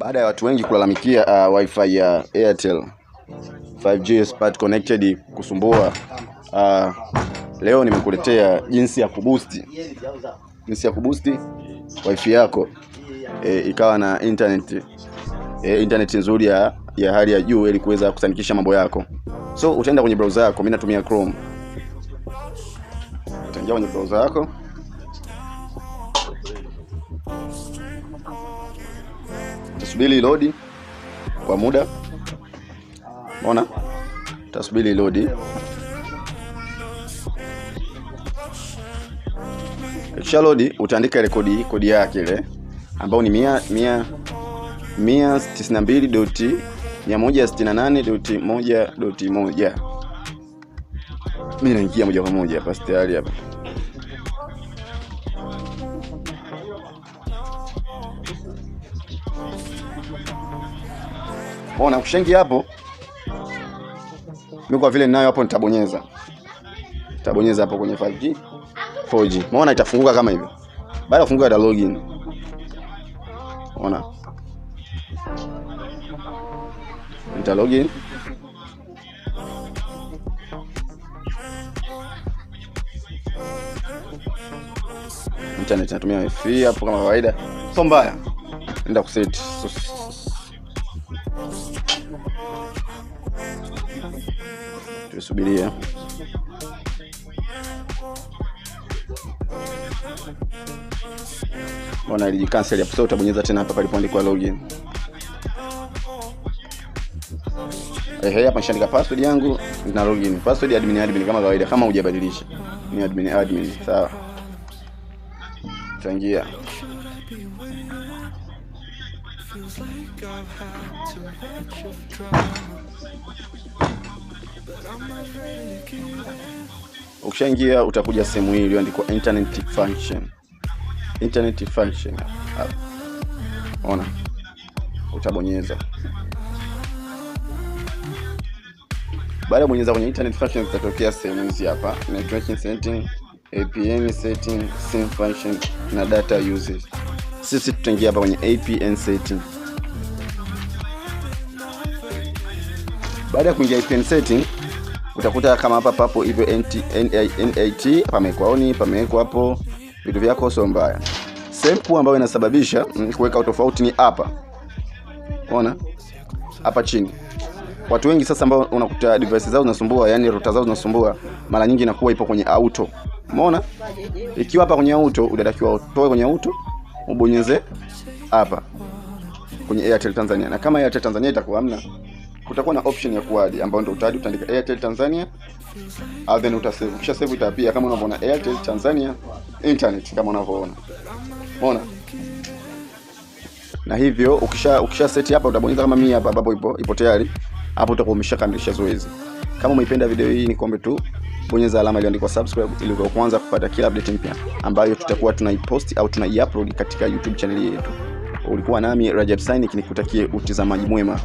Baada ya watu wengi kulalamikia uh, wifi ya Airtel 5G expert connected kusumbua, uh, leo nimekuletea jinsi ya kuboost jinsi ya kuboost wifi yako e, ikawa na internet e, internet nzuri ya, ya hali ya juu ili kuweza kusanikisha mambo yako. So utaenda kwenye browser yako, mimi natumia Chrome, utaingia kwenye browser yako tasubiri load kwa muda unaona tasubili load kisha load utaandika ile kodi kodi yake ile ambao ni mia mia mia tisini mbili doti mia moja doti moja doti moja naingia moja kwa moja hapa tayari hapa Ona kushengi hapo. Mimi kwa vile ninayo hapo nitabonyeza. Nitabonyeza hapo kwenye 5G 4G. Maona itafunguka kama hivyo. Baada ya kufunguka ita login. Ona. Nita login. Internet natumia wifi hapo kama kawaida. Sio mbaya. Nenda kuseti tuisubiria mbona ilijicancel hapo sasa utabonyeza tena hapa palipoandikwa login ehe hapa nishaandika password yangu na login password admin admin kama kawaida kama hujabadilisha ni admin admin sawa changia feels like I've had too much of drama But I'm not ready to give it Ukishaingia utakuja sehemu hii iliyoandikwa internet function. Internet function. Ona. Utabonyeza. Baada ya bonyeza kwenye internet function zitatokea sehemu hizi hapa: networking setting, APN setting, SIM function na data usage sisi tutaingia hapa kwenye apn baada ya kuingia apn setting utakuta kama hapa papo hivyo nat pamewekwa oni pamewekwa hapo vitu vyako sio mbaya sehemu kuu ambayo inasababisha mm, kuweka utofauti ni hapa ona hapa chini watu wengi sasa ambao unakuta device zao zinasumbua yani router zao zinasumbua mara nyingi inakuwa ipo kwenye auto umeona ikiwa hapa kwenye auto utatakiwa utoe kwenye auto ubonyeze hapa kwenye Airtel Tanzania, na kama Airtel Tanzania itakuwa hamna, kutakuwa na option ya kuadi ambayo ndio utaadi, utaandika Airtel Tanzania ah, then utasave. Kisha save itapia kama unavyoona Airtel Tanzania internet kama unavyoona, umeona na hivyo ukisha ukisha set hapa utabonyeza kama mimi hapa ambapo ipo ipo tayari hapo, utakuwa umeshakamilisha zoezi. Kama umeipenda video hii, ni kombe tu bonyeza alama iliyoandikwa subscribe ili kwa kwanza kupata kila update mpya ambayo tutakuwa tunaipost au tunaiupload katika YouTube channel yetu. Ulikuwa nami Rajab Synic nikutakie utizamaji mwema.